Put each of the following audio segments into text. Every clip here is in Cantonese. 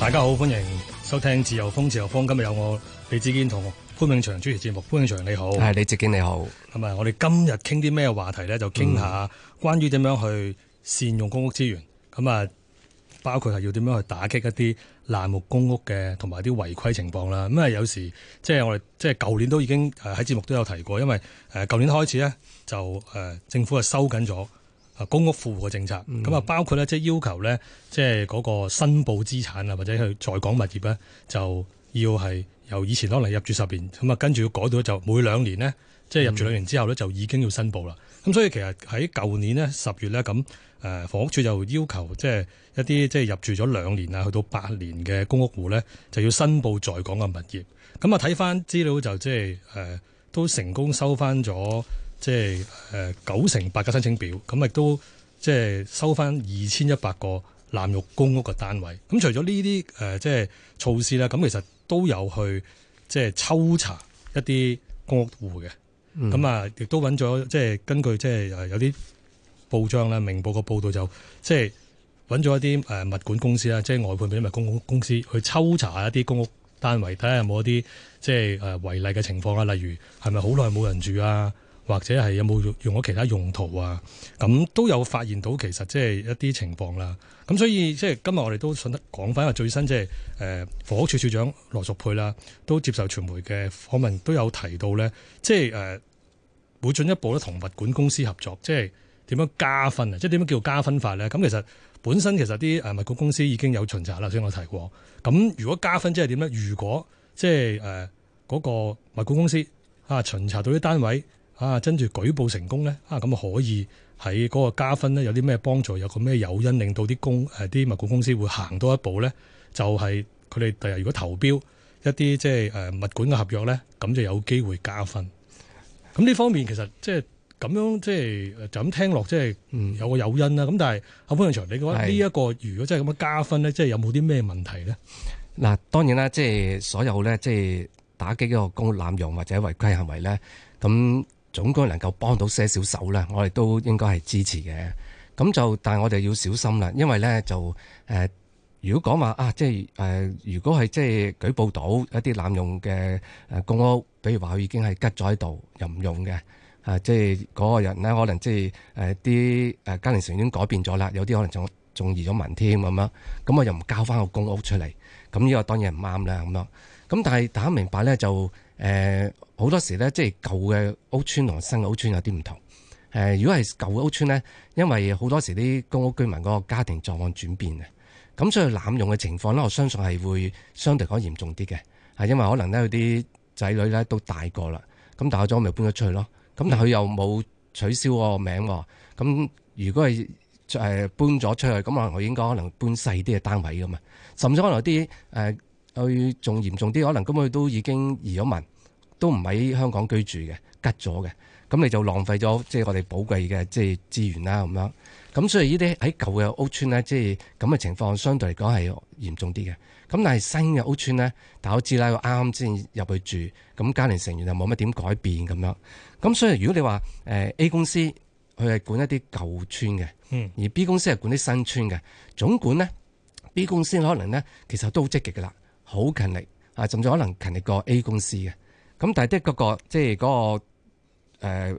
大家好，歡迎收聽自由風自由風。今日有我李志堅同潘永祥主持節目。潘永祥你好，係李志堅你好。咁啊，我哋今日傾啲咩話題咧？就傾下關於點樣去善用公屋資源。咁啊，包括係要點樣去打擊一啲濫用公屋嘅，同埋啲違規情況啦。咁啊，有時即係、就是、我哋即係舊年都已經喺節目都有提過。因為誒，舊年開始咧就誒，政府係收緊咗。公屋戶嘅政策，咁、嗯、啊包括咧，即係要求咧，即係嗰個申報資產啊，或者去在港物業咧，就要係由以前可能入住十年，咁啊跟住要改到就每兩年咧，即係入住兩年之後咧，就已經要申報啦。咁、嗯、所以其實喺舊年咧十月咧，咁誒房屋署就要求即係一啲即係入住咗兩年啊，去到八年嘅公屋戶咧，就要申報在港嘅物業。咁啊睇翻資料就即係誒都成功收翻咗。即係誒九成八嘅申請表咁，亦都即係收翻二千一百個濫用公屋嘅單位。咁除咗呢啲誒，即係措施咧，咁其實都有去即係抽查一啲公屋戶嘅。咁、嗯、啊，亦都揾咗即係根據即係有啲報章啦、明報嘅報道，就即係揾咗一啲誒物管公司啦，即係外判俾啲物管公司去抽查一啲公屋單位，睇下有冇一啲即係誒違例嘅情況啊。例如係咪好耐冇人住啊？或者係有冇用用咗其他用途啊？咁都有發現到，其實即係一啲情況啦。咁所以即係今日我哋都想講返，因為最新即係誒房屋署署長羅淑佩啦，都接受傳媒嘅訪問，都有提到咧，即係誒會進一步咧同物管公司合作，即係點樣加分啊？即係點樣叫加分法咧？咁其實本身其實啲誒物管公司已經有巡查啦，先我提過。咁如果加分即係點咧？如果即係誒嗰個物管公司啊巡查到啲單位。啊，跟住舉報成功咧，啊咁、啊、可以喺嗰個加分咧，有啲咩幫助，有個咩誘因令到啲公誒啲物管公司會行多一步咧，就係佢哋第日如果投標一啲即係誒物管嘅合約咧，咁就有機會加分。咁呢方面其實即係咁樣即係就咁、是、聽落即係有個誘因啦。咁、嗯啊、但係阿方永祥，你覺得呢、這、一個如果真係咁樣加分咧，即、就、係、是、有冇啲咩問題咧？嗱，當然啦，即、就、係、是、所有咧，即、就、係、是、打擊一個公濫用或者違規行為咧，咁。總該能夠幫到些少手啦，我哋都應該係支持嘅。咁就但係我哋要小心啦，因為咧就誒、呃，如果講話啊，即係誒，如果係即係、呃、舉報到一啲濫用嘅誒公屋，比如話佢已經係吉咗喺度又唔用嘅，啊，即係嗰個人咧，可能即係誒啲誒家庭成員已經改變咗啦，有啲可能仲仲移咗民添咁樣，咁我又唔交翻個公屋出嚟，咁呢個當然唔啱啦咁咯。咁但係大家明白咧就誒。呃好多時咧，即係舊嘅屋邨同新嘅屋邨有啲唔同。誒，如果係舊嘅屋邨咧，因為好多時啲公屋居民嗰個家庭狀況轉變，咁所以濫用嘅情況咧，我相信係會相對講嚴重啲嘅。係因為可能咧有啲仔女咧都大個啦，咁大咗咪搬咗出去咯。咁但佢又冇取消個名喎。咁如果係誒搬咗出去，咁我應該可能搬細啲嘅單位㗎嘛。甚至可能有啲佢仲嚴重啲，可能咁佢都已經移咗民。都唔喺香港居住嘅，吉咗嘅，咁你就浪費咗，即係我哋寶貴嘅即係資源啦，咁樣。咁所以呢啲喺舊嘅屋邨咧，即係咁嘅情況，相對嚟講係嚴重啲嘅。咁但係新嘅屋邨咧，大家都知啦，啱先入去住，咁家庭成員又冇乜點改變咁樣。咁所以如果你話 A 公司佢係管一啲舊邨嘅，嗯，而 B 公司係管啲新邨嘅，總管咧 B 公司可能咧其實都好積極嘅啦，好勤力啊，甚至可能勤力過 A 公司嘅。咁但係的確個、就係嗰個即係嗰個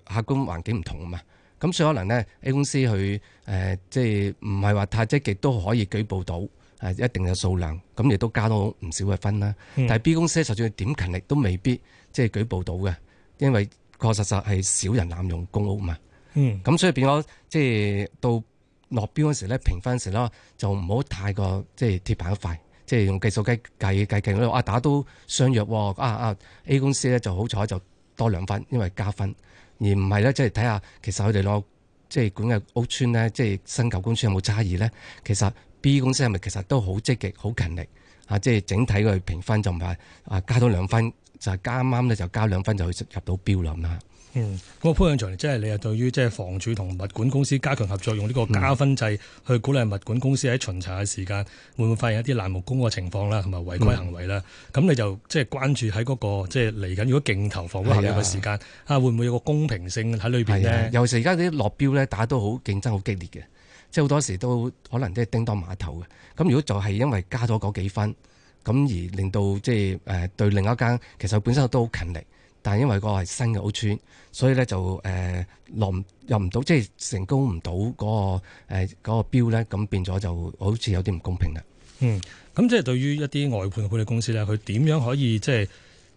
客觀環境唔同啊嘛，咁所以可能咧 A 公司佢誒、呃、即係唔係話太積極都可以舉報到啊一定嘅數量，咁亦都加多唔少嘅分啦。嗯、但係 B 公司就算點勤力都未必即係舉報到嘅，因為確實實係少人濫用公屋嘛。嗯，咁所以變咗即係到落標嗰時咧評分的時啦，就唔好太過即係鐵板一塊。即係用計數機計計勁咯，啊打都相若，啊啊 A 公司咧就好彩就多兩分，因為加分，而唔係咧即係睇下其實佢哋兩個即係管嘅屋邨咧，即係新舊公司有冇差異咧？其實 B 公司係咪其實都好積極、好勤力啊？即係整體個評分就唔係啊加多兩分，就係啱啱咧就加兩分就去入到標林啦。嗯，咁啊潘向長，即係你係對於即係房署同物管公司加強合作，用呢個加分制去鼓勵物管公司喺巡查嘅時間，嗯、會唔會發現一啲爛木工嘅情況啦，同埋違規行為啦？咁、嗯、你就即係關注喺嗰、嗰個即係嚟緊，如果競投房屋嘅時間，啊會唔會有個公平性喺裏面呢？咧、啊？尤其而家啲落標咧，打都好競爭好激烈嘅，即係好多時都可能都係叮噹馬頭嘅。咁如果就係因為加咗嗰幾分，咁而令到即係誒對另一間其實本身都好勤力。但係因為嗰個係新嘅屋邨，所以咧就誒落入唔到，即係成功唔到嗰個誒嗰個標咧，咁、呃那個、變咗就好似有啲唔公平啦。嗯，咁即係對於一啲外判管理公司咧，佢點樣可以即係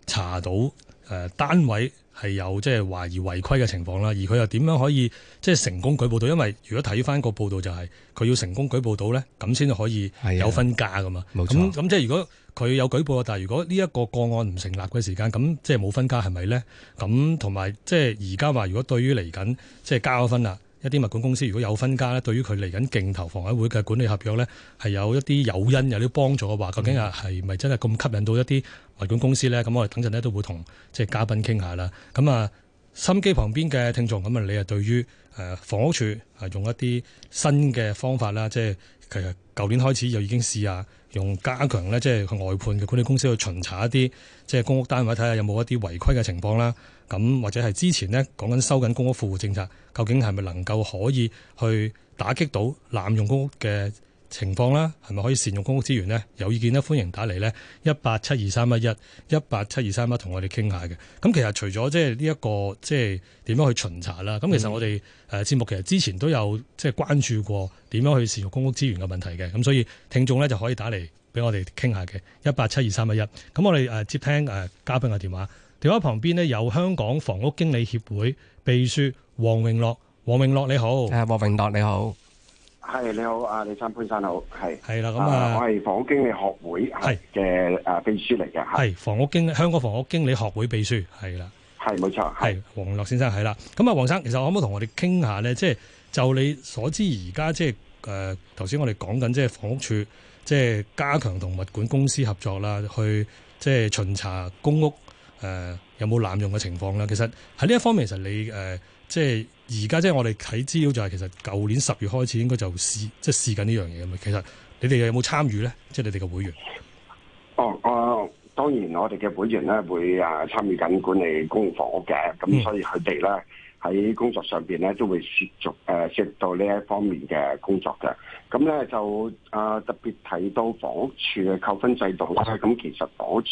查到誒、呃、單位係有即係懷疑違規嘅情況啦？而佢又點樣可以即係成功舉報到？因為如果睇翻個報道就係、是、佢要成功舉報到咧，咁先可以有分加噶嘛。冇錯，咁即係如果。佢有舉報啊，但係如果呢一個個案唔成立嘅時間，咁即係冇分家係咪呢？咁同埋即係而家話，如果對於嚟緊即係加咗分啦一啲物管公司如果有分家呢，對於佢嚟緊競投房委會嘅管理合約呢，係有一啲誘因有啲幫助嘅話，究竟啊係咪真係咁吸引到一啲物管公司呢？咁我哋等陣呢，都會同即係嘉賓傾下啦。咁啊，心機旁邊嘅聽眾，咁啊，你啊對於誒房屋處啊用一啲新嘅方法啦，即係其實舊年開始就已經試下。用加強呢即係外判嘅管理公司去巡查一啲，即係公屋單位睇下有冇一啲違規嘅情況啦。咁或者係之前呢講緊收緊公屋富戶政策，究竟係咪能夠可以去打擊到濫用公屋嘅？情況啦，係咪可以善用公屋資源呢？有意見呢，歡迎打嚟呢一八七二三一一一八七二三一，同我哋傾下嘅。咁其實除咗即係呢一個即係點樣去巡查啦，咁、嗯、其實我哋誒節目其實之前都有即係關注過點樣去善用公屋資源嘅問題嘅。咁所以聽眾呢，就可以打嚟俾我哋傾下嘅，一八七二三一一。咁我哋接聽嘉賓嘅電話，電話旁邊呢，有香港房屋經理學會秘書王榮樂，王榮樂你好，誒王榮樂你好。係，你好，阿李生、潘生好，係係啦，咁啊，我係房屋經理學會係嘅誒秘書嚟嘅，係房屋經香港房屋經理學會秘書，係啦，係冇錯，係王榮樂先生係啦，咁啊，王生，其實可唔可以同我哋傾下咧？即係就你所知，而家即係誒，頭先我哋講緊即係房屋處，即係加強同物管公司合作啦，去即係巡查公屋誒有冇濫用嘅情況啦。其實喺呢一方面，其實你誒。呃即係而家，即係我哋睇資料就係，其實舊年十月開始應該就試，即係試緊呢樣嘢咁啊。其實你哋有冇參與咧？即係你哋嘅會員。哦，啊、呃，當然我哋嘅會員咧會啊參與緊管理公共房屋嘅，咁所以佢哋咧喺工作上邊咧都會涉足誒涉及到呢一方面嘅工作嘅。咁咧就啊、呃、特別提到房屋處嘅扣分制度咁、嗯、其實房屋處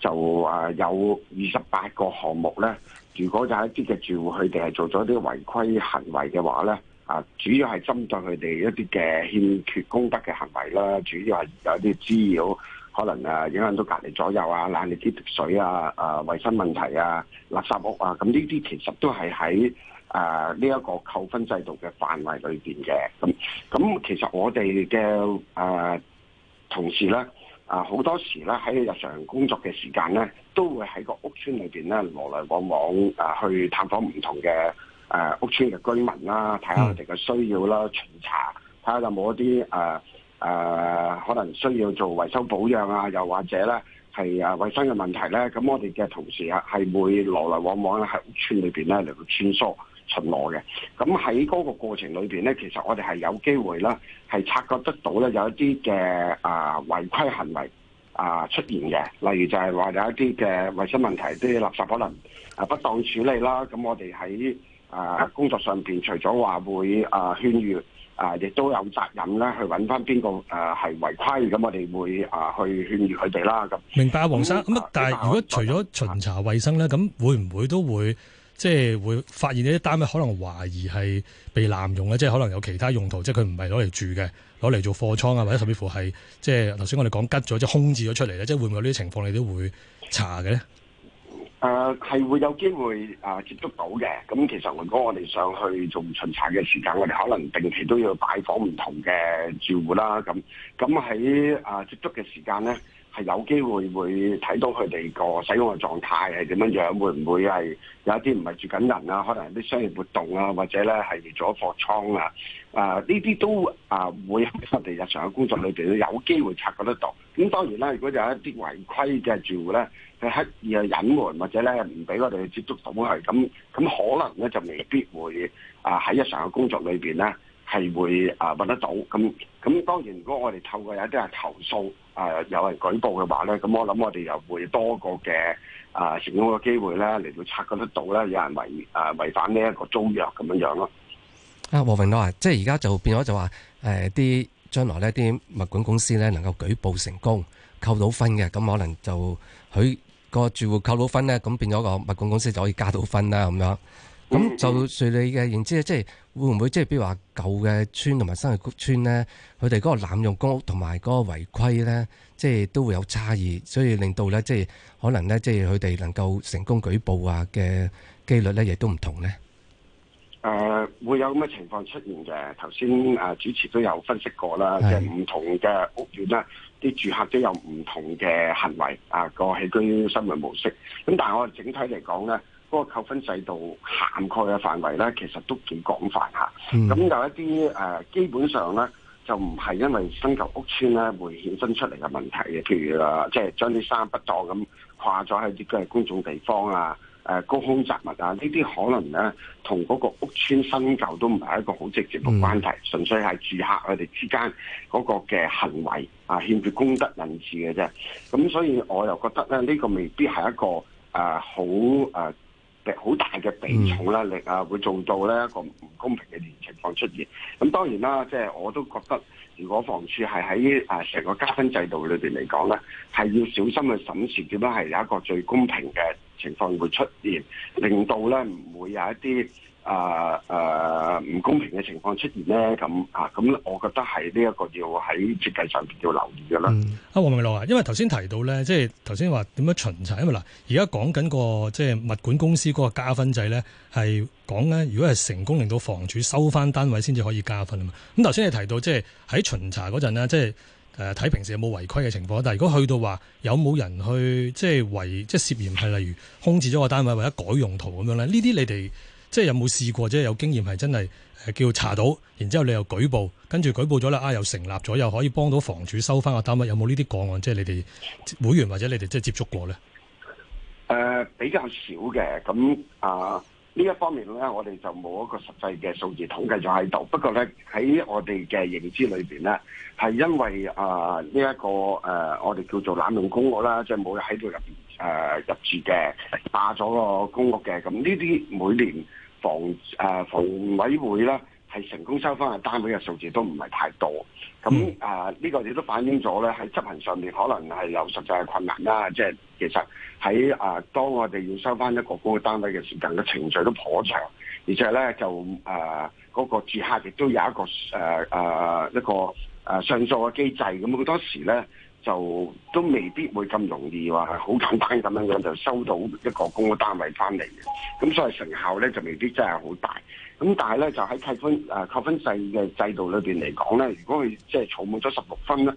就啊、呃、有二十八個項目咧。如果就係一啲嘅住戶佢哋係做咗一啲違規行為嘅話咧，啊，主要係針對佢哋一啲嘅欠缺公德嘅行為啦，主要係有啲滋擾可能啊影響到隔離左右啊、冷住啲滴水啊、啊衞生問題啊、垃圾屋啊，咁呢啲其實都係喺啊呢一個扣分制度嘅範圍裏邊嘅。咁咁其實我哋嘅啊同事咧。啊，好多時咧喺日常工作嘅時間咧，都會喺個屋村裏邊咧來來往往，啊去探訪唔同嘅誒、啊、屋村嘅居民啦，睇下佢哋嘅需要啦，巡查睇下有冇一啲誒誒可能需要做維修保養啊，又或者咧係啊衞生嘅問題咧，咁我哋嘅同事啊係會來來往往喺屋村裏邊咧嚟到穿梭。巡邏嘅，咁喺嗰個過程裏邊咧，其實我哋係有機會啦，係察覺得到咧有一啲嘅啊違規行為啊出現嘅，例如就係話有一啲嘅衞生問題，啲垃圾可能啊不當處理啦。咁我哋喺啊工作上邊，除咗話會啊勸喻啊，亦都有責任咧去搵返邊個誒係違規，咁我哋會啊去勸喻佢哋啦。咁明白啊，黃生咁、嗯、但係如果除咗巡查衞生咧，咁、啊、會唔會都會？即係會發現呢啲單位可能懷疑係被濫用咧，即係可能有其他用途，即係佢唔係攞嚟住嘅，攞嚟做貨倉啊，或者甚至乎係即係頭先我哋講吉咗，即係空置咗出嚟咧，即係會唔會有呢啲情況你都會查嘅咧？誒、呃、係會有機會、呃、接觸到嘅，咁其實如果我哋上去做巡查嘅時間，我哋可能定期都要拜訪唔同嘅住戶啦，咁咁喺呃接觸嘅時間咧。係有機會會睇到佢哋個使用嘅狀態係點樣樣，會唔會係有一啲唔係住緊人啊？可能啲商業活動啊，或者咧係做咗貨倉啊，啊呢啲都啊、呃、會喺我哋日常嘅工作裏邊有機會察覺得到。咁當然啦，如果有一啲違規嘅住戶咧，係刻意啊隱瞞或者咧唔俾我哋去接觸到佢，咁咁可能咧就未必會啊喺日常嘅工作裏邊啦。係會啊，搵得到咁咁，當然如果我哋透過有一啲人投訴啊、呃，有人舉報嘅話咧，咁我諗我哋又會多個嘅啊成功嘅機會咧，嚟到察覺得到咧，有人違啊違反呢一個租約咁樣樣咯。啊，王榮樂啊，啊，即係而家就變咗就話誒，啲、呃、將來呢啲物管公司咧能夠舉報成功，扣到分嘅，咁可能就佢個住戶扣到分咧，咁變咗個物管公司就可以加到分啦，咁樣。咁、嗯、就隨你嘅認知，即係會唔會即係，比如話舊嘅村同埋新嘅屋邨咧，佢哋嗰個濫用公屋同埋嗰個違規咧，即係都會有差異，所以令到咧，即係可能咧，即係佢哋能夠成功舉報啊嘅機率咧，亦都唔同咧。誒，會有咁嘅情況出現嘅。頭先誒主持都有分析過啦，即係唔同嘅屋苑咧，啲住客都有唔同嘅行為啊，個起居生活模式。咁但係我哋整體嚟講咧，嗰、那個扣分制度涵蓋嘅範圍咧，其實都幾廣泛嚇。咁、嗯、有一啲誒、呃，基本上咧就唔係因為新舊屋邨咧會衍生出嚟嘅問題嘅，譬如啊、呃，即係將啲衫不當咁跨咗喺啲嘅公眾地方啊、誒、呃、高空雜物啊，呢啲可能咧同嗰個屋邨新舊都唔係一個好直接嘅關係，純粹係住客佢哋之間嗰個嘅行為啊、呃，欠缺公德人義嘅啫。咁所以我又覺得咧，呢、這個未必係一個誒好誒。呃好大嘅比重啦，力、嗯、啊，會做到咧一個唔公平嘅情況出現。咁當然啦，即係我都覺得，如果房署係喺誒成個加分制度裏邊嚟講咧，係要小心去審視，點樣係有一個最公平嘅情況會出現，令到咧唔會有一啲。啊啊唔公平嘅情況出現咧，咁啊咁，我覺得係呢一個要喺設計上邊要留意㗎喇。啊、嗯、王榮樂啊，因為頭先提到咧，即係頭先話點樣巡查，因為嗱、那個，而家講緊個即係物管公司嗰個加分制咧，係講咧，如果係成功令到房署收翻單位先至可以加分啊嘛。咁頭先你提到即係喺巡查嗰陣咧，即係誒睇平時有冇違規嘅情況，但係如果去到話有冇人去即係違即係涉嫌係例如空置咗個單位或者改用途咁樣咧，呢啲你哋。即係有冇試過即係有經驗係真係誒叫查到，然之後你又舉報，跟住舉報咗啦啊，又成立咗，又可以幫到房主收翻個單位。有冇呢啲個案？即係你哋會員或者你哋即係接觸過咧？誒、呃，比較少嘅咁啊，呢、呃、一方面咧，我哋就冇一個實際嘅數字統計咗喺度。不過咧，喺我哋嘅認知裏邊咧，係因為啊呢一個誒、呃，我哋叫做濫用公屋啦，即係冇喺度入誒入住嘅，霸咗個公屋嘅。咁呢啲每年。房誒房委會咧，係成功收翻嘅單位嘅數字都唔係太多，咁誒呢個亦都反映咗咧，喺執行上面可能係有實際嘅困難啦。即、就、係、是、其實喺誒、啊、當我哋要收翻一個個單位嘅時候嘅程序都頗長，而且咧就誒嗰、啊那個住客亦都有一個誒誒、啊啊、一個。誒、啊、上訴嘅機制咁好多時咧，就都未必會咁容易話係好簡單咁樣樣就收到一個公屋單位翻嚟嘅，咁所以成效咧就未必真係好大。咁但係咧就喺扣分誒扣、啊、分制嘅制度裏面嚟講咧，如果佢即係儲滿咗十六分呢，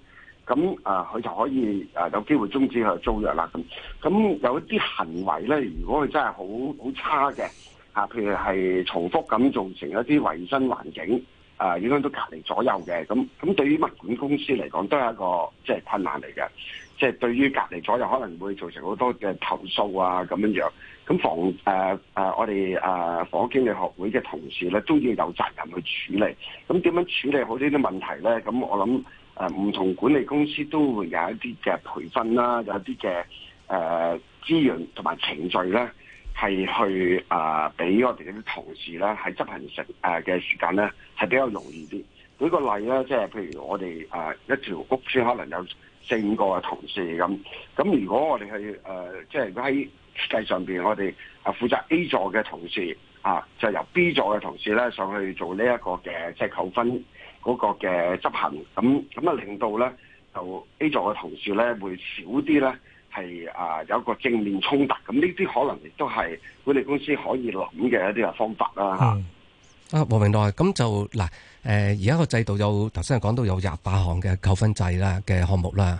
咁啊佢就可以誒、啊、有機會終止佢租約啦。咁咁有一啲行為咧，如果佢真係好好差嘅，啊，譬如係重複咁造成一啲衞生環境。啊，影響到隔離左右嘅，咁咁對於物管公司嚟講都係一個即係、就是、困難嚟嘅，即、就、係、是、對於隔離左右可能會造成好多嘅投訴啊咁樣樣，咁防誒誒、呃、我哋誒房屋經理學會嘅同事咧都要有責任去處理，咁點樣處理好呢啲問題咧？咁我諗誒唔同管理公司都會有一啲嘅培訓啦，有一啲嘅誒資源同埋程序啦。係去啊！俾、呃、我哋嗰啲同事咧，喺執行成誒嘅時間咧，係比較容易啲。舉個例咧，即、就、係、是、譬如我哋誒、呃、一條屋村可能有四五個嘅同事咁，咁如果我哋去，誒、呃，即係如果喺設計上面，我哋啊負責 A 座嘅同事啊，就由 B 座嘅同事咧上去做呢一個嘅即係扣分嗰個嘅執行，咁咁啊令到咧就 A 座嘅同事咧會少啲咧。係啊，有一個正面衝突咁，呢啲可能亦都係管理公司可以諗嘅一啲方法啦嚇、嗯。啊，黃明道，咁就嗱，誒而家個制度有頭先講到有廿八項嘅扣分制啦嘅項目啦。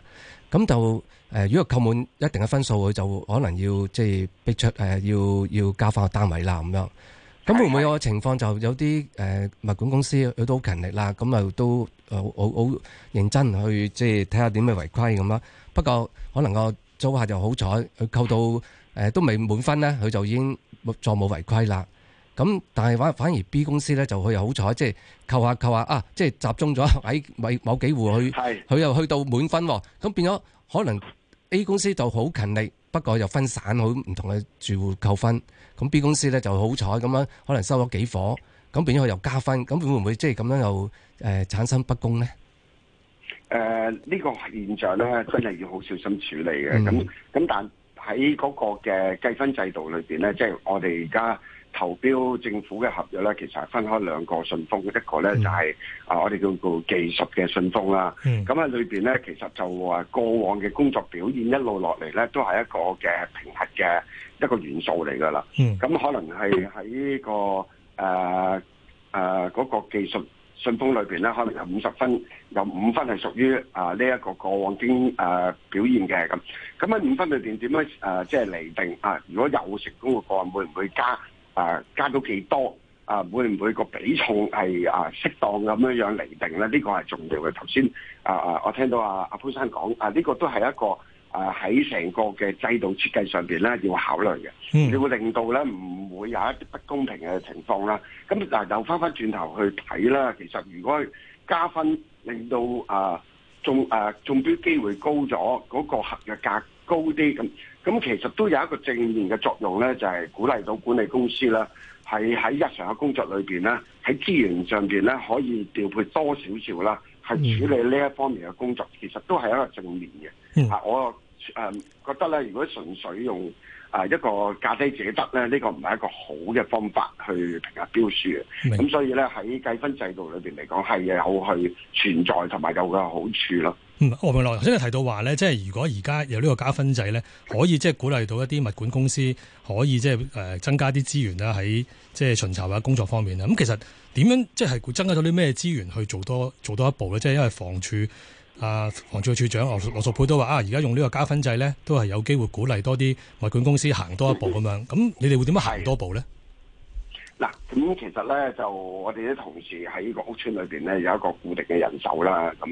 咁就誒、呃，如果扣滿一定嘅分數，佢就可能要即係逼出誒、呃，要要交翻個單位啦咁樣。咁、嗯、會唔會有個情況就有啲誒、呃、物管公司佢都好勤力啦，咁又都好好認真去即係睇下點樣違規咁啦？不過可能個。租客就好彩，佢扣到誒、呃、都未滿分咧，佢就已經再冇違規啦。咁但係反反而 B 公司咧就佢又好彩，即係扣下扣下啊，即係集中咗喺某某幾戶去，佢又去到滿分。咁變咗可能 A 公司就好勤力，不過又分散好唔同嘅住戶扣分。咁 B 公司咧就好彩咁樣，可能收咗幾伙，咁變咗佢又加分。咁會唔會即係咁樣又誒、呃、產生不公咧？誒、呃、呢、這個現象咧，真係要好小心處理嘅。咁、嗯、咁，但喺嗰個嘅計分制度裏面咧，即、就、係、是、我哋而家投標政府嘅合約咧，其實係分開兩個信封，一個咧就係、是嗯、啊，我哋叫做技術嘅信封啦。咁喺裏邊咧，其實就話過往嘅工作表現一路落嚟咧，都係一個嘅評核嘅一個元素嚟㗎啦。咁、嗯、可能係喺、這個個誒嗰個技術。信封裏邊咧，可能有五十分，有五分係屬於啊呢一、這個過往經誒、啊、表現嘅咁。咁喺五分裏邊點樣誒即係釐定啊？如果有成功嘅個案，會唔會加誒、啊、加到幾多少啊？會唔會個比重係啊適當咁樣樣釐定咧？呢、這個係重要嘅。頭先啊啊，我聽到阿阿潘生講啊，呢、啊這個都係一個。啊！喺成個嘅制度設計上面，咧，要考慮嘅，你、嗯、會令到咧唔會有一啲不公平嘅情況啦。咁嗱，又翻翻轉頭去睇啦。其實如果加分令到啊中啊中標機會高咗，嗰、那個合約價高啲咁，咁其實都有一個正面嘅作用咧，就係、是、鼓勵到管理公司啦，係喺日常嘅工作裏面咧，喺資源上面咧可以調配多少少啦。係、嗯、處理呢一方面嘅工作，其實都係一個正面嘅、嗯。啊，我誒、呃、覺得咧，如果純粹用啊、呃、一個價低者得咧，呢、這個唔係一個好嘅方法去評下標書嘅。咁、嗯、所以咧，喺計分制度裏邊嚟講，係有去存在同埋有佢好處咯。嗯，我明落頭先你提到話咧，即係如果而家有呢個加分制咧，可以即係鼓勵到一啲物管公司可以即係、呃、增加啲資源啊，喺即係巡查或者工作方面啊。咁、嗯、其實點樣即係增加咗啲咩資源去做多做多一步咧？即係因為房署啊，房署署長羅羅淑佩都話啊，而家用呢個加分制咧，都係有機會鼓勵多啲物管公司行多一步咁樣。咁你哋會點樣行多步咧？嗱，咁其實咧就我哋啲同事喺個屋村裏邊咧有一個固定嘅人手啦，咁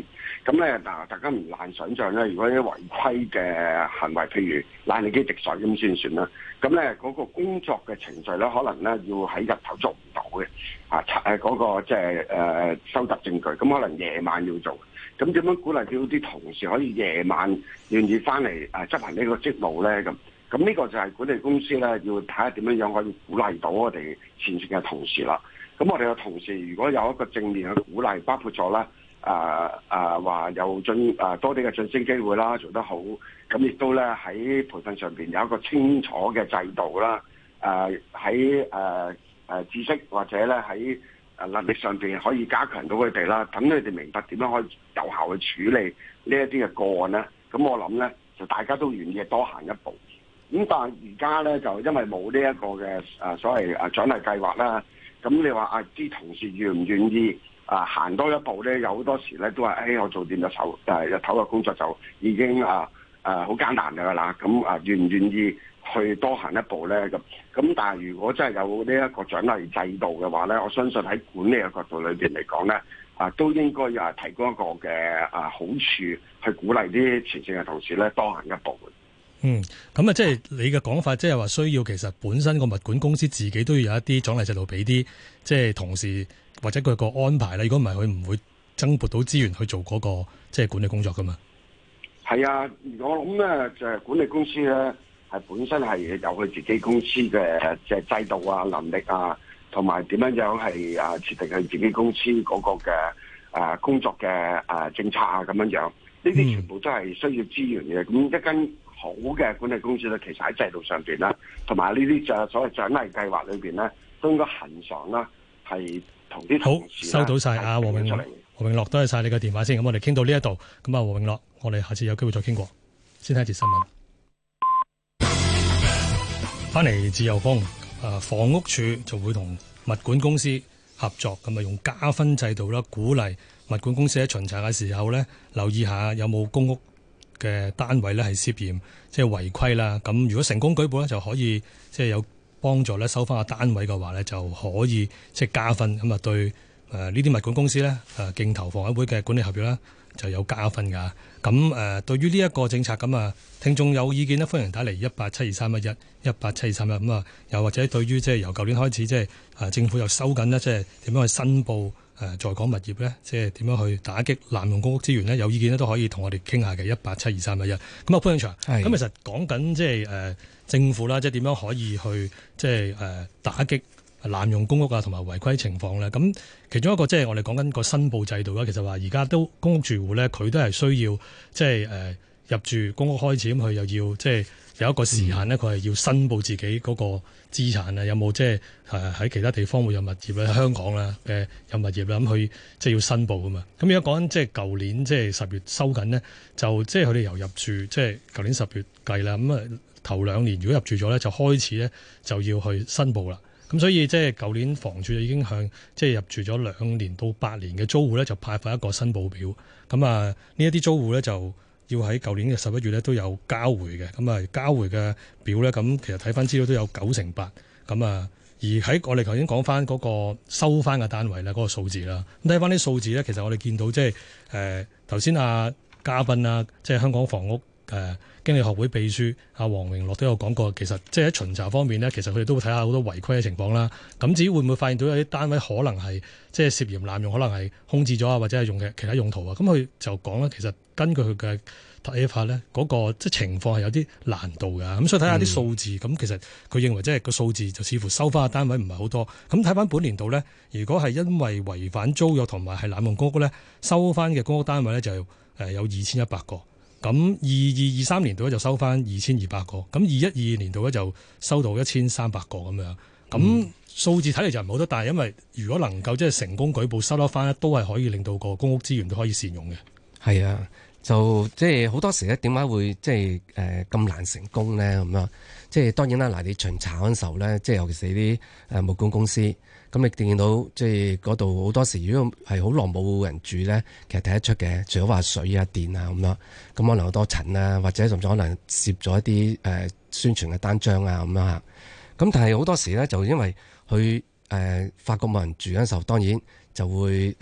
咁咧嗱，大家唔難想象啦，如果啲違規嘅行為，譬如攔你幾滴水咁先算啦？咁咧嗰個工作嘅程序咧，可能咧要喺日頭做唔到嘅，啊查誒嗰個即係誒收集證據，咁可能夜晚要做，咁點樣鼓勵到啲同事可以夜晚願意翻嚟啊執行呢個職務咧咁？咁呢個就係管理公司咧，要睇下點樣樣可以鼓勵到我哋前線嘅同事啦。咁我哋嘅同事如果有一個正面嘅鼓勵，包括咗啦，啊啊話有進啊、呃、多啲嘅晉升機會啦，做得好，咁亦都咧喺培訓上面有一個清楚嘅制度啦，誒喺誒知識或者咧喺啊能力上面可以加強到佢哋啦，等佢哋明白點樣可以有效去處理呢一啲嘅個案啦。咁我諗咧，就大家都願意多行一步。咁但係而家咧就因為冇呢一個嘅所謂誒獎勵計劃啦，咁你話啊啲同事願唔願意啊行多一步咧？有好多時咧都話，誒、哎、我做掂咗頭誒日嘅工作就已經啊好、啊、艱難㗎啦。咁啊願唔願意去多行一步咧？咁咁但係如果真係有呢一個獎勵制度嘅話咧，我相信喺管理嘅角度裏面嚟講咧啊，都應該啊提供一個嘅啊好處去鼓勵啲前線嘅同事咧多行一步。嗯，咁啊，即係你嘅講法，即係話需要，其實本身個物管公司自己都要有一啲獎勵制度，俾啲即係同事或者佢個安排啦。如果唔係，佢唔會增撥到資源去做嗰、那個即係管理工作噶嘛。係啊，我諗咧就係、是、管理公司咧、啊，係本身係有佢自己公司嘅即係制度啊、能力啊，同埋點樣樣係啊設定佢自己公司嗰個嘅工作嘅政策啊咁樣樣，呢啲全部都係需要資源嘅。咁、嗯、一間。好嘅管理公司咧，其實喺制度上邊啦，同埋呢啲就所謂獎勵計劃裏邊呢，都應該恆常啦，係同啲好。收到晒阿王榮、王榮樂，多謝晒你嘅電話先。咁我哋傾到呢一度，咁啊，王榮樂，我哋下次有機會再傾過。先睇一節新聞。翻嚟 自由風，啊，房屋署就會同物管公司合作，咁啊，用加分制度啦，鼓勵物管公司喺巡查嘅時候呢，留意一下有冇公屋嘅單位呢，係涉嫌即係違規啦，咁如果成功舉報呢，就可以即係有幫助呢收翻個單位嘅話呢，就可以即係、就是、加分，咁啊對呢啲物管公司呢，誒競投房委會嘅管理合約呢，就有加分㗎。咁誒對於呢一個政策，咁啊聽眾有意見呢，歡迎打嚟一八七二三一一一八七二三一。咁啊又或者對於即係由舊年開始即係啊政府又收緊呢，即係點樣去申報？誒再講物業咧，即係點樣去打擊濫用公屋資源咧？有意見咧都可以同我哋傾下嘅一八七二三一一。咁啊潘警長，咁其實講緊即係誒政府啦，即係點樣可以去即係、呃、打擊濫用公屋啊，同埋違規情況咧？咁其中一個即係我哋講緊個申報制度啦。其實話而家都公屋住戶咧，佢都係需要即係誒。呃入住公屋開始，咁佢又要即係、就是、有一個時限咧。佢係要申報自己嗰個資產啊、嗯，有冇即係誒喺其他地方會有物業咧、嗯？香港啦，誒、呃、有物業啦，咁佢即係要申報噶嘛。咁而家講緊即係舊年即係十月收緊呢，就即係佢哋由入住即係舊年十月計啦。咁啊，頭兩年如果入住咗咧，就開始咧就要去申報啦。咁所以即係舊年房署已經向即係、就是、入住咗兩年到八年嘅租戶咧，就派發一個申報表。咁啊，呢一啲租戶咧就，要喺舊年嘅十一月咧都有交回嘅。咁啊，交回嘅表咧，咁其實睇翻資料都有九成八，咁啊而喺我哋頭先講翻嗰個收翻嘅單位咧，嗰個數字啦，咁睇翻啲數字咧，其實我哋見到即係誒頭先阿嘉賓啊，即係香港房屋嘅。經理學會秘書阿王榮樂都有講過，其實即係喺巡查方面呢，其實佢哋都會睇下好多違規嘅情況啦。咁至於會唔會發現到有啲單位可能係即係涉嫌濫用，可能係空置咗啊，或者係用嘅其他用途啊？咁佢就講啦，其實根據佢嘅睇法呢，嗰、那個即係情況係有啲難度㗎。咁所以睇下啲數字，咁、嗯、其實佢認為即係個數字就似乎收翻嘅單位唔係好多。咁睇翻本年度呢，如果係因為違反租約同埋係濫用公屋呢，收翻嘅公屋單位呢，就誒有二千一百個。咁二二二三年度咧就收翻二千二百個，咁二一二年度咧就收到一千三百個咁樣，咁數字睇嚟就冇得，但係因為如果能夠即係成功舉報收得翻咧，都係可以令到個公屋資源都可以善用嘅。係啊，就即係好多時咧，點解會即係咁難成功咧？咁樣即係當然啦，嗱你巡查嗰陣時候咧，即係尤其是啲誒物管公司。咁亦見到，即係嗰度好多時，如果係好耐冇人住咧，其實睇得出嘅。除咗話水啊、電啊咁樣，咁可能好多塵呀，或者甚至可能攝咗一啲誒、呃、宣傳嘅單張啊咁樣。咁但係好多時咧，就因為佢誒發覺冇人住嘅時時候，當然就會誒啟、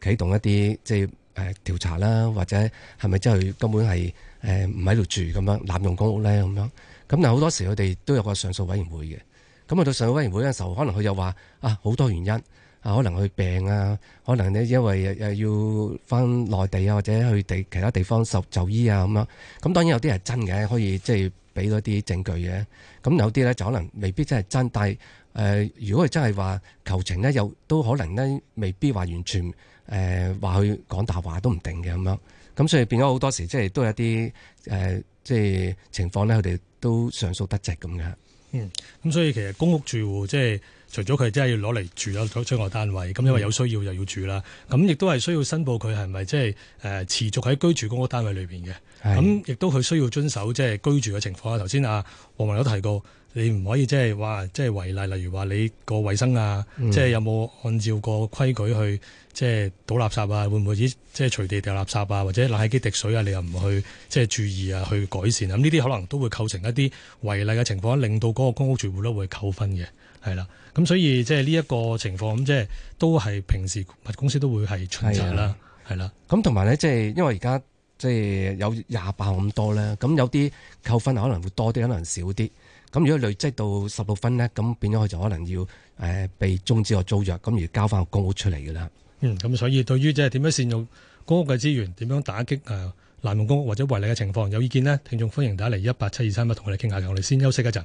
呃、動一啲即係誒、呃、調查啦，或者係咪真係根本係唔喺度住咁樣濫用公屋咧咁樣？咁但係好多時佢哋都有個上訴委員會嘅。咁去到上委員會嘅時候，可能佢又話啊，好多原因啊，可能佢病啊，可能你因為要翻內地啊，或者去地其他地方受就醫啊，咁樣。咁當然有啲係真嘅，可以即係俾多啲證據嘅。咁有啲咧就可能未必真係真，但係如果佢真係話求情咧，又都可能咧，未必話完全誒話佢講大話都唔定嘅咁樣。咁所以變咗好多時，呃，即係都有啲誒即係情況咧，佢哋都上訴得直咁嘅。嗯，咁所以其實公屋住戶即係除咗佢真係要攞嚟住咗個單位，咁因為有需要又要住啦，咁亦都係需要申報佢係咪即係誒持續喺居住公屋單位裏邊嘅，咁亦都佢需要遵守即係居住嘅情況啦。頭先啊王文都提過你唔可以即係話即係違例，例如話你個衛生啊，即係有冇按照個規矩去即係倒垃圾啊、嗯？會唔會即係隨地掉垃圾啊？或者冷氣機滴水啊？你又唔去即係注意啊？去改善啊？咁呢啲可能都會構成一啲違例嘅情況，令到嗰個公屋住戶都會扣分嘅，係啦。咁所以即係呢一個情況咁即係都係平時物公司都會係巡查啦，係啦。咁同埋咧，即係因為而家即係有廿八咁多咧，咁有啲扣分可能會多啲，可能少啲。咁如果累積到十六分呢，咁變咗佢就可能要誒被終止個租約，咁而交翻個公屋出嚟㗎啦。嗯，咁所以對於即係點樣善用公屋嘅資源，點樣打擊誒濫用公屋或者違例嘅情況，有意見呢？聽眾歡迎打嚟一八七二三一，同我哋傾下，我哋先休息一陣。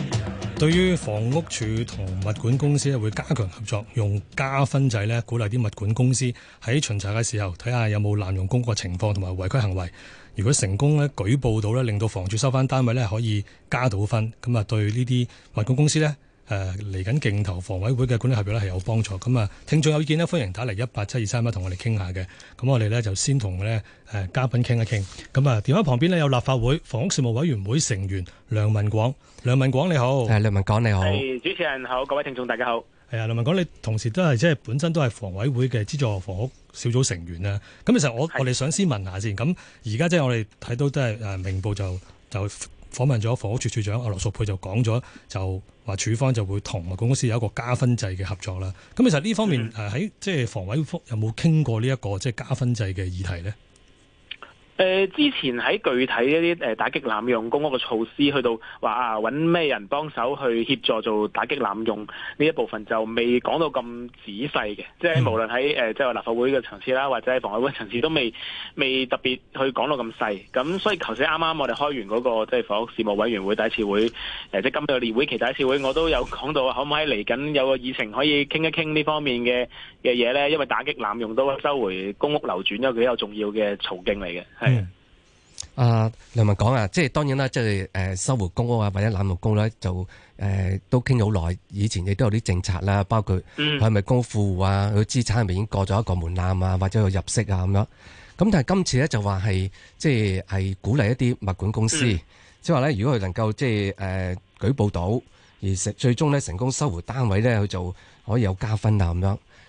對於房屋署同物管公司咧，會加強合作，用加分制呢，鼓勵啲物管公司喺巡查嘅時候睇下有冇濫用公屋嘅情況同埋違規行為。如果成功咧，舉報到令到房署收翻單位可以加到分，咁啊，對呢啲物管公司呢嚟緊競投房委會嘅管理合約呢係有幫助。咁啊，聽眾有意見呢歡迎打嚟一八七二三一，同我哋傾下嘅。咁我哋呢，就先同呢誒嘉賓傾一傾。咁啊，電話旁邊呢有立法會房屋事務委員會成員梁文廣，梁文廣你好。誒，梁文廣你好。主持人好，各位聽眾大家好。係啊，梁文廣，你同時都係即係本身都係房委會嘅資助房屋小組成員咧，咁其實我我哋想先問下先，咁而家即係我哋睇到都係誒明報就，就訪問咗房屋署署長阿羅淑佩，就講咗就話處方就會同物管公司有一個加分制嘅合作啦。咁其實呢方面誒喺即係房委有冇傾過呢一個即係加分制嘅議題呢？呃、之前喺具體一啲誒打擊濫用公屋嘅措施，去到話啊揾咩人幫手去協助做打擊濫用呢一部分就未講到咁仔細嘅，即係無論喺即係立法會嘅層次啦，或者係房委會層次都未未特別去講到咁細。咁所以頭先啱啱我哋開完嗰、嗰個即係、即係、房屋事務委員會第一次會，即係今次年，年會期第一次會，我都有講到可唔可以嚟緊有個議程可以傾一傾呢方面嘅。嘅嘢咧，因為打擊濫用都啊，收回公屋流轉咗，佢比較重要嘅途徑嚟嘅，係啊。阿梁文廣啊，即係當然啦，即係誒，收回公屋啊，或者濫用公屋咧，就誒都傾咗好耐。以前亦都有啲政策啦，包括佢係咪高富戶啊，佢資產係咪已經過咗一個門檻啊，或者入息啊咁樣。咁但係今次咧就話係即係係鼓勵一啲物管公司，即係話咧，如果佢能夠即係誒舉報到而成最終咧成功收回單位咧，佢就可以有加分啊咁樣。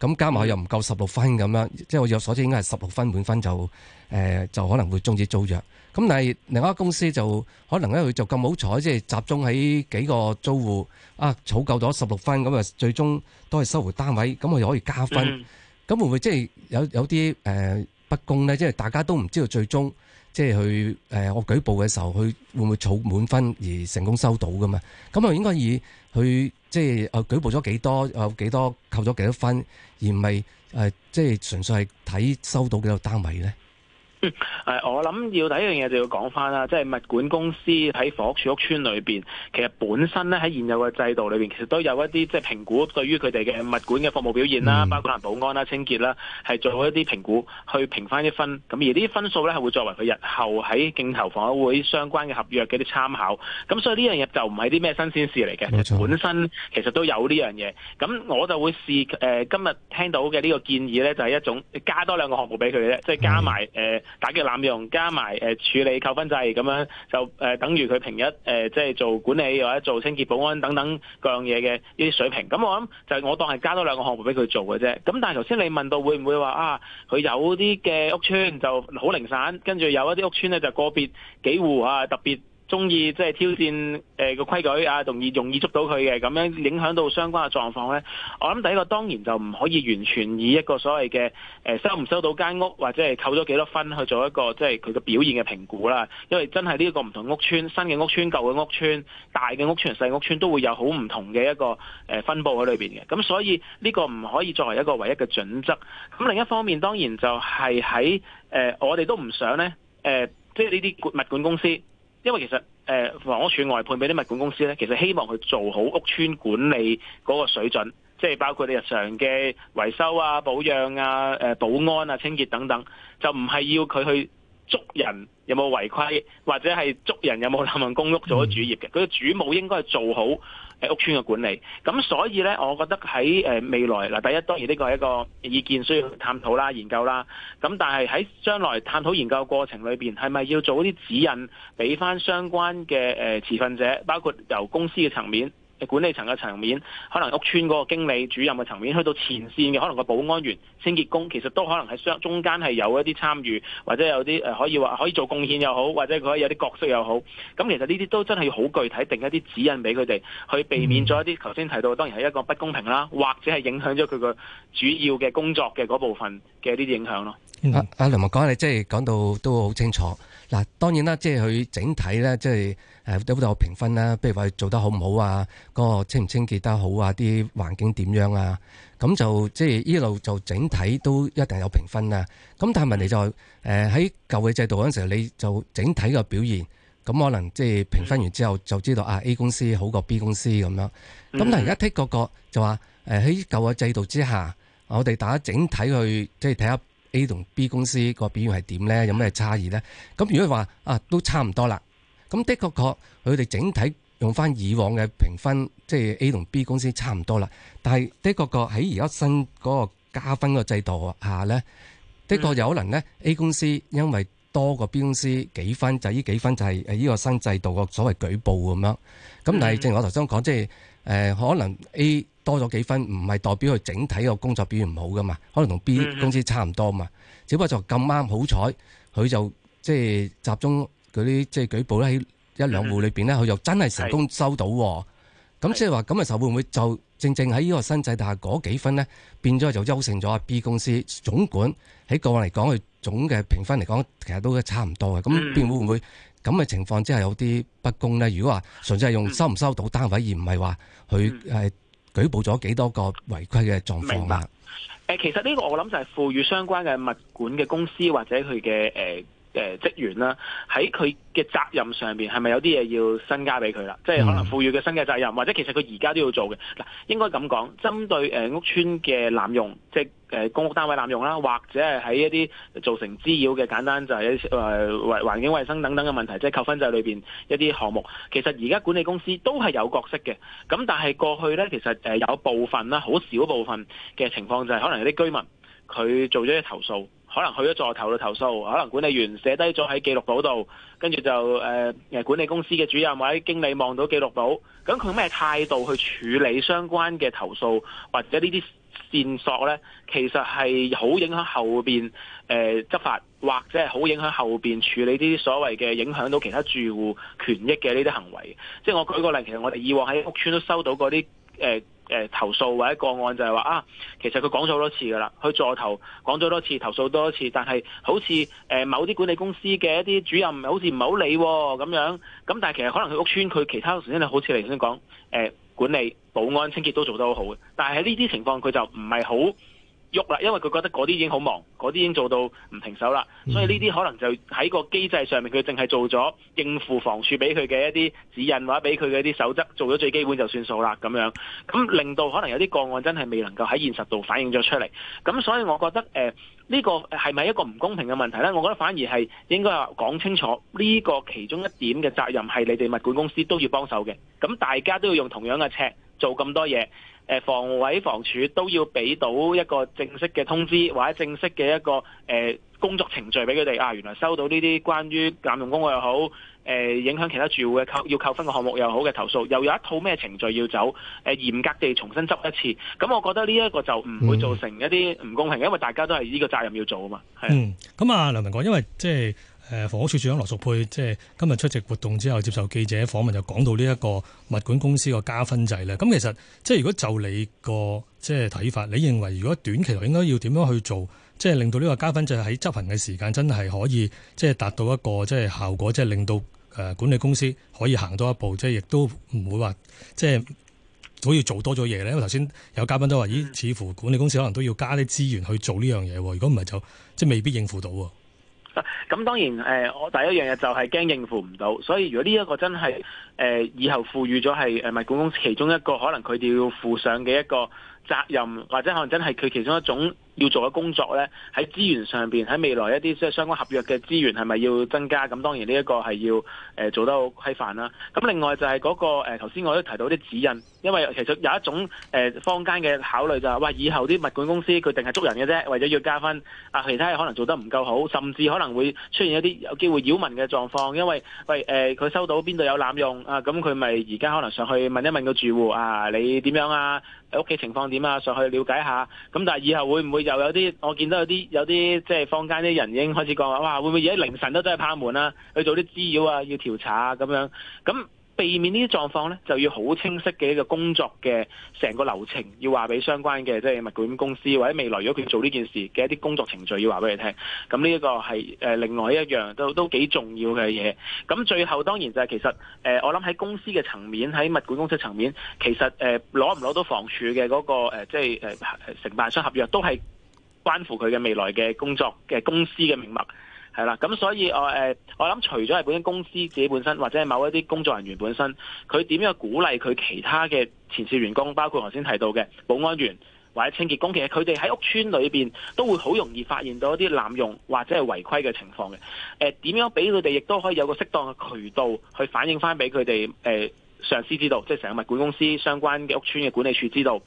咁加埋又唔夠十六分咁樣，即係我有所知應該係十六分滿分就、呃、就可能會終止租約。咁但係另外一個公司就可能咧，佢就咁好彩，即係集中喺幾個租戶啊，儲夠咗十六分咁啊，最終都係收回單位，咁佢又可以加分。咁、mm -hmm. 會唔會即係有有啲誒、呃、不公呢？即係大家都唔知道最終即係去誒我舉報嘅時候，佢會唔會儲滿分而成功收到噶嘛？咁啊應該以佢。即係誒舉報咗幾多？有幾多扣咗幾多分？而唔係、呃、即係純粹係睇收到幾多單位咧。嗯、我諗要第一樣嘢就要講翻啦，即、就、係、是、物管公司喺房屋署屋邨裏面，其實本身咧喺現有嘅制度裏面，其實都有一啲即係評估對於佢哋嘅物管嘅服務表現啦、嗯，包括係保安啦、清潔啦，係做一啲評估去評翻啲分。咁而呢啲分數咧係會作為佢日後喺競投房屋會相關嘅合約嘅啲參考。咁所以呢樣嘢就唔係啲咩新鮮事嚟嘅，本身其實都有呢樣嘢。咁我就會試誒、呃、今日聽到嘅呢個建議咧，就係一種加多兩個項目俾佢咧，即、就、係、是、加埋打擊濫用，加埋誒、呃、處理扣分制咁樣就，就、呃、誒等於佢平日誒、呃、即係做管理或者做清潔保安等等各樣嘢嘅呢啲水平。咁我諗就係我當係加多兩個項目俾佢做嘅啫。咁但係頭先你問到會唔會話啊，佢有啲嘅屋邨就好零散，跟住有一啲屋邨咧就個別幾戶啊特別。中意即係挑戰誒個規矩啊，容易容易捉到佢嘅，咁樣影響到相關嘅狀況呢。我諗第一個當然就唔可以完全以一個所謂嘅誒收唔收到間屋或者係扣咗幾多分去做一個即係佢嘅表現嘅評估啦。因為真係呢一個唔同屋邨、新嘅屋邨、舊嘅屋邨、大嘅屋邨、細屋邨都會有好唔同嘅一個誒分佈喺裏面嘅。咁所以呢個唔可以作為一個唯一嘅準則。咁另一方面當然就係喺誒我哋都唔想呢，誒、呃，即係呢啲物管公司。因為其實誒、呃、房屋署外判俾啲物管公司咧，其實希望佢做好屋邨管理嗰個水準，即係包括你日常嘅維修啊、保養啊、呃、保安啊、清潔等等，就唔係要佢去捉人有冇違規，或者係捉人有冇濫用公屋做咗主業嘅，佢、嗯、嘅主務應該係做好。屋邨嘅管理，咁所以呢，我覺得喺誒未來嗱，第一當然呢個係一個意見需要探討啦、研究啦，咁但係喺將來探討研究過程裏邊，係咪要做啲指引俾翻相關嘅誒持份者，包括由公司嘅層面，管理層嘅層面，可能屋邨嗰個經理、主任嘅層面，去到前線嘅可能個保安員、清潔工，其實都可能喺相中間係有一啲參與，或者有啲誒可以話可以做貢獻又好，或者佢可以有啲角色又好。咁其實呢啲都真係好具體，定一啲指引俾佢哋，去避免咗一啲頭先提到，當然係一個不公平啦，或者係影響咗佢個主要嘅工作嘅嗰部分嘅呢啲影響咯。阿、嗯啊、梁文廣，你即係講到都好清楚。嗱，當然啦，即係佢整體咧，即係誒都有評分啦。譬如話做得好唔好啊，嗰個清唔清潔得好啊，啲環境點樣啊，咁就即係一路就整體都一定有評分啦。咁但係問題就係喺舊嘅制度嗰陣時候，你就整體嘅表現，咁可能即係評分完之後就知道啊 A 公司好過 B 公司咁樣。咁但係一剔個個就話誒喺舊嘅制度之下，我哋大家整體去即係睇下。A 同 B 公司個表現係點咧？有咩差異咧？咁如果話啊都差唔多啦，咁的確確佢哋整體用翻以往嘅評分，即係 A 同 B 公司差唔多啦。但係的確確喺而家新嗰個加分個制度下咧，的確有可能咧 A 公司因為多過 B 公司幾分，就呢幾分就係呢個新制度個所謂舉報咁樣。咁但係正如我頭先講，即係誒可能 A。多咗幾分，唔係代表佢整體個工作表現唔好噶嘛？可能同 B 公司差唔多嘛、嗯。只不過就咁啱好彩，佢就即係集中嗰啲即係舉報咧，喺一兩戶裏邊咧，佢、嗯、又真係成功收到。咁即係話咁嘅時候會唔會就正正喺呢個新制大嗰幾分咧變咗就優勝咗 B 公司總管喺個案嚟講？喺過去嚟講，佢總嘅評分嚟講，其實都差唔多嘅。咁、嗯、變會唔會咁嘅情況之下有啲不公咧？如果話純粹係用收唔收到單位、嗯、而唔係話佢係。嗯舉報咗幾多個違規嘅狀況啦？誒，其實呢個我諗就係賦予相關嘅物管嘅公司或者佢嘅誒。呃誒、呃、職員啦，喺佢嘅責任上面係咪有啲嘢要新加俾佢啦？即係可能賦予嘅新嘅責任，或者其實佢而家都要做嘅。嗱，應該咁講，針對誒屋邨嘅濫用，即係誒公屋單位濫用啦，或者係喺一啲造成滋擾嘅簡單就係一環環境衛生等等嘅問題，即係扣分制裏面一啲項目，其實而家管理公司都係有角色嘅。咁但係過去咧，其實有部分啦，好少部分嘅情況就係可能有啲居民佢做咗啲投訴。可能去咗座頭度投訴，可能管理員寫低咗喺記錄簿度，跟住就誒誒、呃，管理公司嘅主任或者經理望到記錄簿，咁佢咩態度去處理相關嘅投訴或者呢啲線索呢？其實係好影響後邊誒執法，或者係好影響後邊處理啲所謂嘅影響到其他住戶權益嘅呢啲行為。即係我舉個例，其實我哋以往喺屋邨都收到嗰啲誒。呃誒投訴或者個案就係話啊，其實佢講咗好多次㗎啦，佢助投講咗多次，投訴多一次，但係好似誒、呃、某啲管理公司嘅一啲主任唔係、哦，好似唔係好理咁樣。咁但係其實可能佢屋邨，佢其他嗰啲咧，好似頭先講誒、呃、管理、保安、清潔都做得好好嘅，但係喺呢啲情況佢就唔係好。喐啦，因為佢覺得嗰啲已經好忙，嗰啲已經做到唔停手啦，所以呢啲可能就喺個機制上面，佢淨係做咗應付房署俾佢嘅一啲指引或者俾佢嘅一啲守則，做咗最基本就算數啦咁樣，咁令到可能有啲個案真係未能夠喺現實度反映咗出嚟，咁所以我覺得誒呢個係咪一個唔公平嘅問題呢？我覺得反而係應該話講清楚呢個其中一點嘅責任係你哋物管公司都要幫手嘅，咁大家都要用同樣嘅尺做咁多嘢。房委房署都要俾到一個正式嘅通知或者正式嘅一個、呃、工作程序俾佢哋啊，原來收到呢啲關於濫用公屋又好、呃、影響其他住戶嘅扣要扣分嘅項目又好嘅投訴，又有一套咩程序要走、呃？嚴格地重新執一次，咁我覺得呢一個就唔會造成一啲唔公平、嗯，因為大家都係呢個責任要做啊嘛。係啊，咁、嗯、啊、嗯、梁文廣，因為即係。呃、房屋署署長羅淑佩，即係今日出席活動之後接受記者訪問，就講到呢一個物管公司個加分制咧。咁其實即係如果就你個即係睇法，你認為如果短期內應該要點樣去做，即係令到呢個加分制喺執行嘅時間真係可以，即係達到一個即係效果，即係令到、呃、管理公司可以行多一步，即係亦都唔會話即係好似做多咗嘢咧。因為頭先有嘉賓都話，咦，似乎管理公司可能都要加啲資源去做呢樣嘢喎。如果唔係就即係未必應付到喎。咁當然，誒、呃、我第一樣嘢就係驚應付唔到，所以如果呢一個真係誒、呃、以後賦予咗係誒物管公司其中一個可能佢哋要負上嘅一個責任，或者可能真係佢其中一種，要做嘅工作呢，喺資源上面，喺未來一啲即係相關合約嘅資源係咪要增加？咁當然呢一個係要、呃、做得好規範啦。咁另外就係嗰、嗰個誒頭先我都提到啲指引，因為其實有一種誒、呃、坊間嘅考慮就係、係：喂，以後啲物管公司佢定係捉人嘅啫，為咗要加分啊，其他可能做得唔夠好，甚至可能會出現一啲有機會擾民嘅狀況，因為喂誒佢、呃、收到邊度有濫用啊，咁佢咪而家可能上去問一問個住戶啊，你點樣啊？喺屋企情況點啊？上去了解下，咁但係以後會唔會又有啲？我見到有啲有啲即係坊間啲人已經開始講話，哇！會唔會而家凌晨都真係拍門啊？去做啲滋擾啊，要調查啊咁樣咁。避免呢啲狀況呢就要好清晰嘅一個工作嘅成個流程，要話俾相關嘅即係物管公司，或者未來如果佢做呢件事嘅一啲工作程序，要話俾你聽。咁呢一個係誒另外一樣都都幾重要嘅嘢。咁最後當然就係誒，其實我諗喺公司嘅層面，喺物管公司層面，其實攞唔攞到房署嘅嗰個即係誒承辦商合約，都係關乎佢嘅未來嘅工作嘅公司嘅命脈。係啦，咁所以我誒，我諗、呃、除咗係本身公司自己本身，或者係某一啲工作人員本身，佢點樣鼓勵佢其他嘅前線員工，包括我頭先提到嘅保安員或者清潔工，其實佢哋喺屋邨裏邊都會好容易發現到一啲濫用或者係違規嘅情況嘅。誒、呃，點樣俾佢哋亦都可以有個適當嘅渠道去反映翻俾佢哋誒上司知道，即係成個物管公司相關嘅屋邨嘅管理處知道。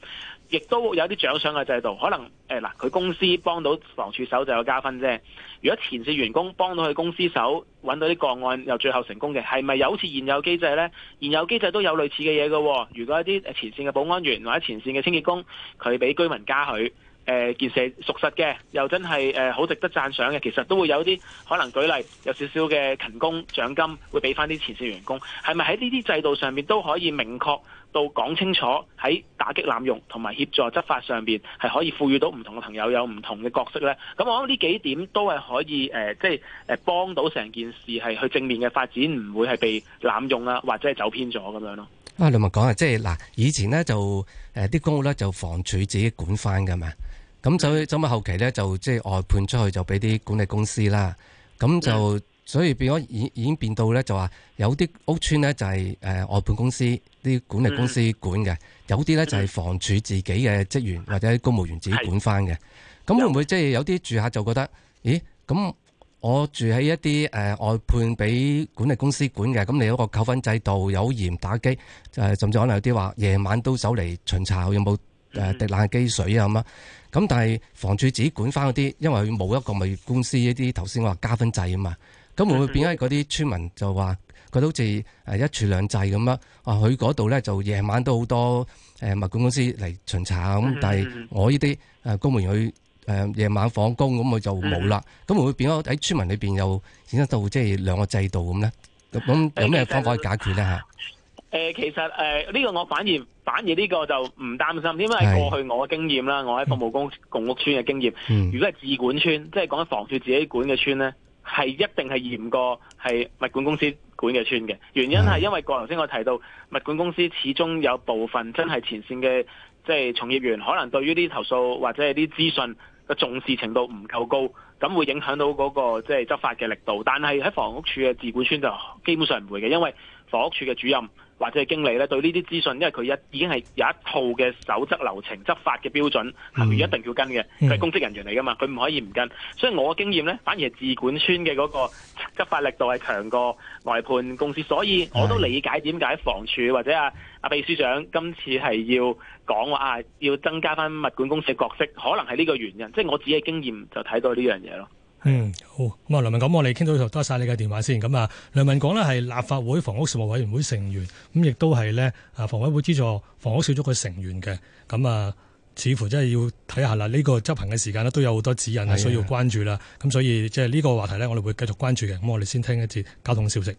亦都有啲獎賞嘅制度，可能誒嗱，佢、呃、公司幫到房署手就有加分啫。如果前線員工幫到佢公司手揾到啲個案又最後成功嘅，係咪有好似現有機制呢？現有機制都有類似嘅嘢嘅。如果一啲前線嘅保安員或者前線嘅清潔工，佢俾居民嘉許誒件事屬實嘅，又真係誒好值得讚賞嘅，其實都會有啲可能。舉例有少少嘅勤工獎金會俾翻啲前線員工，係咪喺呢啲制度上面都可以明確？到講清楚喺打擊濫用同埋協助執法上邊，係可以賦予到唔同嘅朋友有唔同嘅角色呢，咁我覺得呢幾點都係可以誒、呃，即係誒幫到成件事係去正面嘅發展，唔會係被濫用啊，或者係走偏咗咁樣咯。啊，你咪講啊，即係嗱，以前呢，就誒啲公屋呢，就房署自己管翻嘅嘛，咁就咁，埋後期呢，就即係外判出去就俾啲管理公司啦，咁就。所以變咗已已經變到咧，就話有啲屋邨咧就係外判公司啲管理公司管嘅，嗯，有啲咧就係房署自己嘅職員，嗯、或者公務員自己管翻嘅。咁、嗯、會唔會即係有啲住客就覺得，咦？咁我住喺一啲外判俾管理公司管嘅，咁你有一個扣分制度有嚴打擊，甚至可能有啲話夜晚都走嚟巡查有冇誒滴冷機水啊，咁咁，但係房署自己管翻嗰啲，因為冇一個物業公司一啲頭先我話加分制啊嘛。咁會唔會變咗？嗰啲村民就話佢都好似誒一柱兩制咁啦。啊，佢嗰度咧就夜晚都好多誒物管公司嚟巡查咁，但係我呢啲誒公務員去誒夜晚放工，咁佢就冇啦。咁會唔會變咗喺村民裏邊又顯得到即係兩個制度咁咧？咁有咩方法可以解決咧？嚇誒，其實誒呢個我反而反而呢個就唔擔心，因為過去我嘅經驗啦，我喺服務公共屋村嘅經驗，如果係自管村，即係講緊房署自己管嘅村咧。係一定係嚴過係物管公司管嘅村嘅，原因係因為我頭先我提到物管公司始終有部分真係前線嘅即係從業員，可能對於啲投訴或者係啲資訊嘅重視程度唔夠高，咁會影響到嗰個即係執法嘅力度。但係喺房屋處嘅自管村就基本上唔會嘅，因為房屋處嘅主任。或者係經理咧，對呢啲資訊，因為佢一已經係有一套嘅守則流程執法嘅標準，係一定要跟嘅，佢係公職人員嚟噶嘛，佢唔可以唔跟。所以我嘅經驗咧，反而係自管村嘅嗰個執法力度係強過外判公司，所以我都理解點解房署或者啊啊秘書長今次係要講話啊，要增加翻物管公司嘅角色，可能係呢個原因。即係我自己嘅經驗就睇到呢樣嘢咯。嗯，好。咁啊，梁文廣，我哋傾到呢度，多謝晒你嘅電話先。咁啊，梁文廣呢係立法會房屋事務委員會成員，咁亦都係呢啊，房委會資助房屋小組嘅成員嘅。咁啊，似乎真係要睇下啦，呢、呢個執行嘅時間呢都有好多指引需要關注啦。咁所以即係呢個話題呢，我哋會繼續關注嘅。咁我哋先聽一節交通消息。